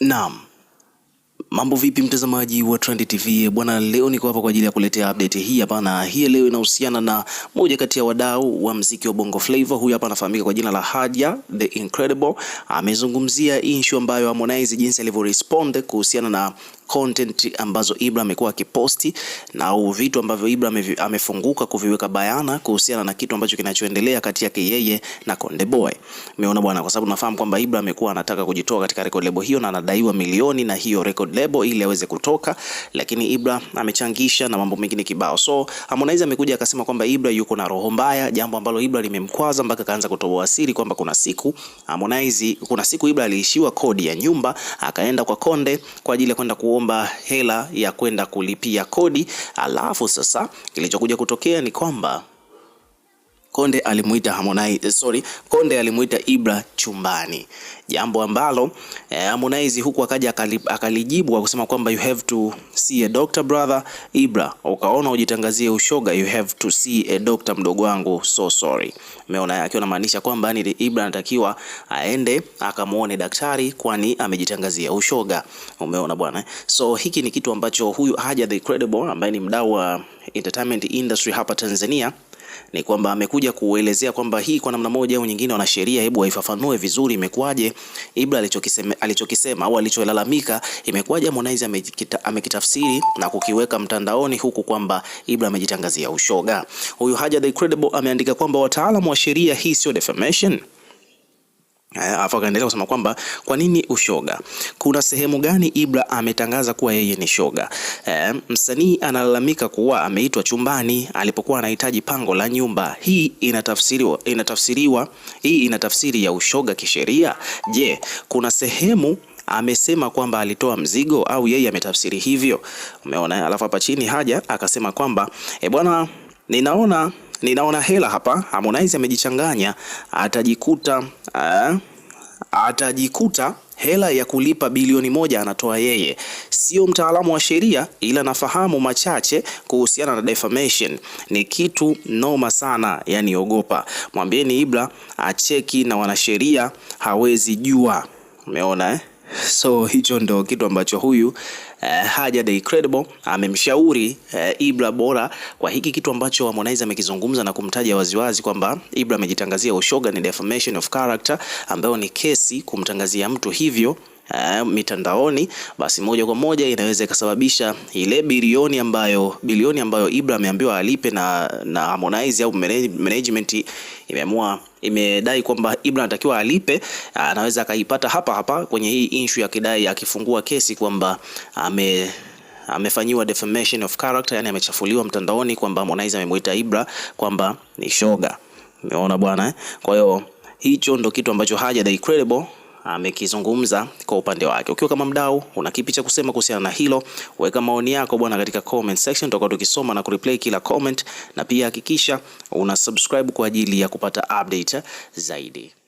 Naam. Mambo vipi mtazamaji wa Trend TV bwana, leo niko hapa kwa ajili ya kuletea update hii hapa, na hii leo inahusiana na moja kati ya wadau wa mziki wa Bongo Flava. Huyu hapa anafahamika kwa jina la Haja the Incredible, amezungumzia issue ambayo Harmonize jinsi alivyo respond kuhusiana na content ambazo Ibra amekuwa akiposti na au vitu ambavyo Ibra amefunguka kuviweka bayana kuhusiana na kitu ambacho kinachoendelea kati yake yeye na Konde Boy. Umeona bwana, kwa sababu nafahamu kwamba Ibra amekuwa anataka kujitoa katika record label hiyo na anadaiwa milioni na hiyo record label ili aweze kutoka, lakini Ibra amechangisha na mambo mengine kibao. So Harmonize amekuja akasema kwamba Ibra yuko na roho mbaya, jambo ambalo Ibra limemkwaza mpaka akaanza kutoboa siri kwamba kuna siku Harmonize, kuna siku Ibra aliishiwa kodi ya nyumba akaenda kwa Konde kwa ajili ya kwenda kuomba kuomba hela ya kwenda kulipia kodi, alafu sasa kilichokuja kutokea ni kwamba Konde alimuita Harmonize, eh, sorry, Konde alimuita Ibra chumbani, jambo ambalo eh, Harmonize huku akaja akalijibu kwa kusema kwamba you have to see a doctor brother Ibra, ukaona ujitangazie ushoga, you have to see a doctor mdogo wangu, so sorry. Umeona, akiwa anamaanisha kwamba ni Ibra anatakiwa aende akamuone daktari, kwani amejitangazia ushoga. Umeona bwana, eh? so hiki ni kitu ambacho huyu Haja the Credible ambaye ni mdau wa entertainment industry hapa Tanzania ni kwamba amekuja kuelezea kwamba hii kwa namna moja au nyingine, wana sheria hebu waifafanue vizuri imekuwaje Ibra alichokisema, alichokisema au alicholalamika imekuwaje Harmonize amekita, amekitafsiri na kukiweka mtandaoni huku kwamba Ibra amejitangazia ushoga. Huyu Haja the Credible ameandika kwamba wataalamu wa sheria, hii sio defamation. Eh, Afu akaendelea kusema kwamba kwa nini ushoga? kuna sehemu gani Ibra ametangaza kuwa yeye ni shoga? E, msanii analalamika kuwa ameitwa chumbani alipokuwa anahitaji pango la nyumba. Hii inatafsiriwa, inatafsiriwa, hii inatafsiri ya ushoga kisheria? Je, kuna sehemu amesema kwamba alitoa mzigo au yeye ametafsiri hivyo? Umeona, alafu hapa chini Haja akasema kwamba e, bwana ninaona ninaona hela hapa. Harmonize amejichanganya atajikuta, a, eh, atajikuta hela ya kulipa bilioni moja anatoa yeye. Sio mtaalamu wa sheria, ila nafahamu machache kuhusiana na defamation. Ni kitu noma sana, yani ogopa. Mwambieni Ibra acheki na wanasheria, hawezi jua. Umeona eh? So hicho ndo kitu ambacho huyu eh, Haja the Incredible amemshauri eh, Ibra bora kwa hiki kitu ambacho Harmonize amekizungumza na kumtaja waziwazi kwamba Ibra amejitangazia ushoga, ni defamation of character, ambayo ni kesi kumtangazia mtu hivyo eh, mitandaoni, basi moja kwa moja inaweza ikasababisha ile bilioni ambayo bilioni ambayo Ibra ameambiwa alipe na, na Harmonize au management imeamua imedai kwamba Ibra anatakiwa alipe, anaweza akaipata hapa hapa kwenye hii issue ya kidai akifungua kesi kwamba ame amefanyiwa defamation of character, yani amechafuliwa mtandaoni kwamba Harmonize amemwita Ibra kwamba ni shoga. Umeona bwana eh? Kwa hiyo hicho ndo kitu ambacho hajadai credible amekizungumza kwa upande wake. Ukiwa kama mdau, una kipi cha kusema kuhusiana na hilo? Weka maoni yako bwana katika comment section, tutakuwa tukisoma na kureplay kila comment, na pia hakikisha una subscribe kwa ajili ya kupata update zaidi.